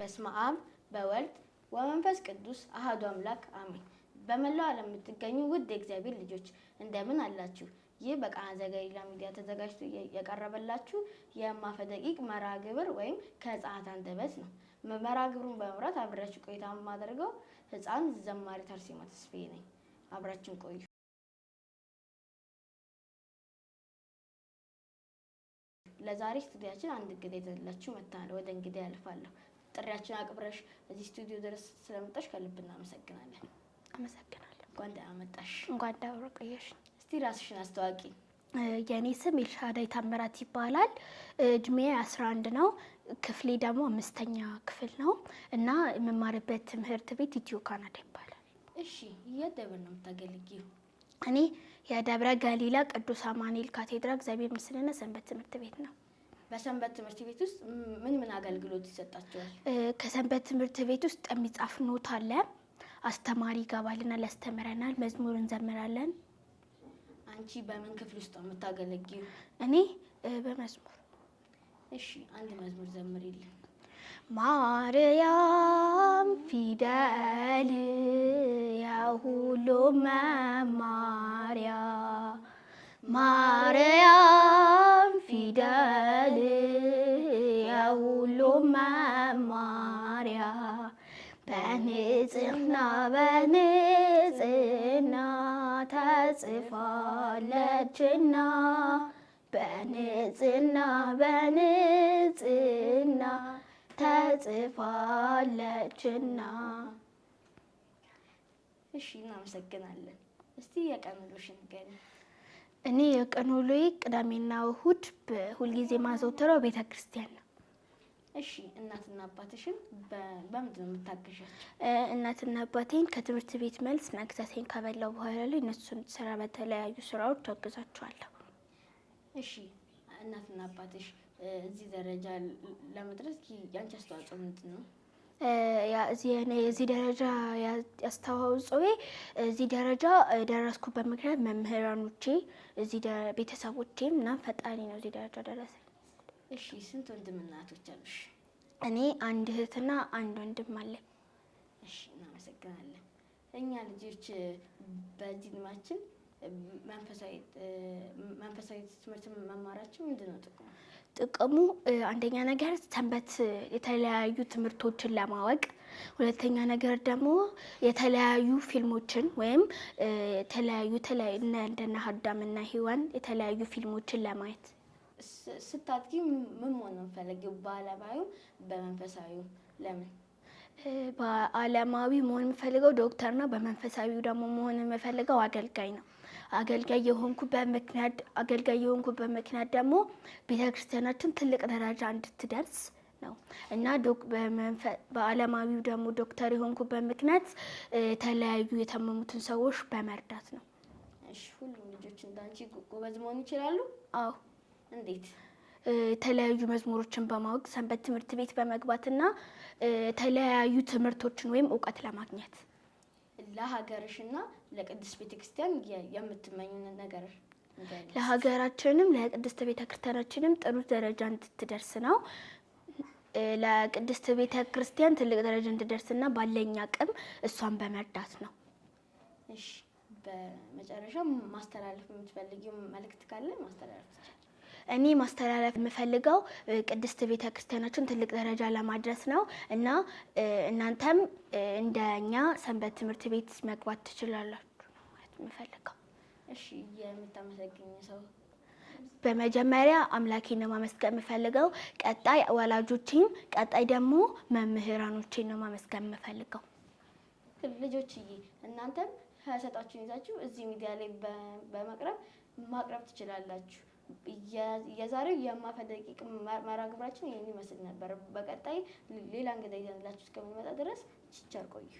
በስመ አብ በወልድ ወመንፈስ ቅዱስ አሐዱ አምላክ አሜን። በመላው ዓለም የምትገኙ ውድ የእግዚአብሔር ልጆች እንደምን አላችሁ? ይህ በቃና ዘገሊላ ሚዲያ ተዘጋጅቶ የቀረበላችሁ የማፈደቂቅ መርሃ ግብር ወይም ከሕፃናት አንደበት ነው። መርሃ ግብሩን በመምራት አብሬያችሁ ቆይታ የማደርገው ሕፃን ዘማሪ ተርሴማ ተስፋዬ ነኝ። አብራችን ቆዩ። ለዛሬ ስቱዲያችን አንድ እንግዳ ይዘንላችሁ መጥተናል። ወደ እንግዳ ያልፋለሁ። ጥሪያችን አቅብረሽ እዚህ ስቱዲዮ ድረስ ስለመጣሽ ከልብ እናመሰግናለን። አመሰግናለሁ። እንኳን ደህና መጣሽ። እንኳን ደህና ቆየሽ። እስቲ ራስሽን አስተዋቂ። የእኔ ስም ኤልሻዳይ ታምራት ይባላል። እድሜ አስራ አንድ ነው። ክፍሌ ደግሞ አምስተኛ ክፍል ነው እና የምማርበት ትምህርት ቤት ኢትዮ ካናዳ ይባላል። እሺ፣ የት ደብር ነው የምታገለግዪው? እኔ የደብረ ገሊላ ቅዱስ አማኑኤል ካቴድራ እግዚአብሔር ምስልና ሰንበት ትምህርት ቤት ነው። በሰንበት ትምህርት ቤት ውስጥ ምን ምን አገልግሎት ይሰጣቸዋል? ከሰንበት ትምህርት ቤት ውስጥ የሚጻፍ ኖት አለ። አስተማሪ ይገባልናል፣ ያስተምረናል፣ መዝሙር እንዘምራለን። አንቺ በምን ክፍል ውስጥ ነው የምታገለግዩ? እኔ በመዝሙር። እሺ፣ አንድ መዝሙር ዘምሪልን። ማርያም ፊደል የሁሉ መማ ማርያም ፊደል የሁሉም መማሪያ በንጽህና በንጽህና ተጽፋለችና በንጽህና በንጽህና ተጽፋለችና። እሺ እናመሰግናለን። እስቲ የቀን ውሎሽን ንገሪኝ። እኔ የቀን ውሎዬ ቅዳሜና እሁድ ሁልጊዜ ማዘውተረው ቤተ ክርስቲያን ነው። እሺ እናትና አባትሽን በምንድን ነው የምታግዣቸው? እናትና አባቴን ከትምህርት ቤት መልስ መግዛቴን ከበላው በኋላ ላይ እነሱን ስራ በተለያዩ ስራዎች አግዛቸዋለሁ። እሺ እናትና አባትሽ እዚህ ደረጃ ለመድረስ ያንቺ አስተዋጽኦ ምንድን ነው? የዚህ ደረጃ ያስተዋጽኦዬ እዚህ ደረጃ ደረስኩ ምክንያት መምህራኖቼ፣ እዚህ ቤተሰቦቼ እና ፈጣሪ ነው እዚህ ደረጃ ደረሰ እሺ፣ ስንት ወንድምና እህቶች አሉሽ? እኔ አንድ እህትና አንድ ወንድም አለ እሺ፣ እናመሰግናለን። እኛ ልጆች በዚህ ዕድሜያችን መንፈሳዊ ትምህርት መማራችን ምንድን ነው ጥቅሙ? ጥቅሙ አንደኛ ነገር ሰንበት የተለያዩ ትምህርቶችን ለማወቅ፣ ሁለተኛ ነገር ደግሞ የተለያዩ ፊልሞችን ወይም የተለያዩ እንደነ አዳምና ሔዋን የተለያዩ ፊልሞችን ለማየት። ስታድጊ ምን መሆን ነው የምትፈልጊው? በዓለማዊው በመንፈሳዊው ለምን? በአለማዊ መሆን የምፈልገው ዶክተር ነው። በመንፈሳዊው ደግሞ መሆን የምፈልገው አገልጋይ ነው። አገልጋይ የሆንኩበት ምክንያት አገልጋይ የሆንኩ በምክንያት ደግሞ ቤተክርስቲያናችን ትልቅ ደረጃ እንድትደርስ ነው እና በአለማዊው ደግሞ ዶክተር የሆንኩበት ምክንያት የተለያዩ የታመሙትን ሰዎች በመርዳት ነው። ሁሉም ልጆች እንዳንቺ ጎበዝ መሆን ይችላሉ? አዎ። እንዴት? የተለያዩ መዝሙሮችን በማወቅ ሰንበት ትምህርት ቤት በመግባትና የተለያዩ ትምህርቶችን ወይም እውቀት ለማግኘት ለሀገርሽና ለቅድስት ቤተክርስቲያን የምትመኝ ነገር ለሀገራችንም ለቅድስት ቤተክርስቲያናችንም ጥሩ ደረጃ እንድትደርስ ነው። ለቅድስት ቤተክርስቲያን ትልቅ ደረጃ እንድደርስና ባለኝ አቅም እሷን በመርዳት ነው። እሺ፣ በመጨረሻ ማስተላለፍ የምትፈልጊው መልእክት ካለ ማስተላለፍ እኔ ማስተላለፍ የምፈልገው ቅድስት ቤተ ክርስቲያናችን ትልቅ ደረጃ ለማድረስ ነው እና እናንተም እንደኛ ሰንበት ትምህርት ቤት መግባት ትችላላችሁ ማለት የምፈልገው። እሺ፣ የምታመሰግኝ ሰው በመጀመሪያ አምላኬን ነው ማመስገን የምፈልገው፣ ቀጣይ ወላጆችን፣ ቀጣይ ደግሞ መምህራኖችን ነው ማመስገን የምፈልገው። ልጆችዬ እናንተም ከሰጣችሁን ይዛችሁ እዚህ ሚዲያ ላይ በመቅረብ ማቅረብ ትችላላችሁ። የዛሬው የማዕከል ደቂቅ መርሃ ግብራችን ይህን ይመስል ነበር። በቀጣይ ሌላ እንግዳ ይዘንላችሁ እስከምንመጣ ድረስ ቸር ቆዩ።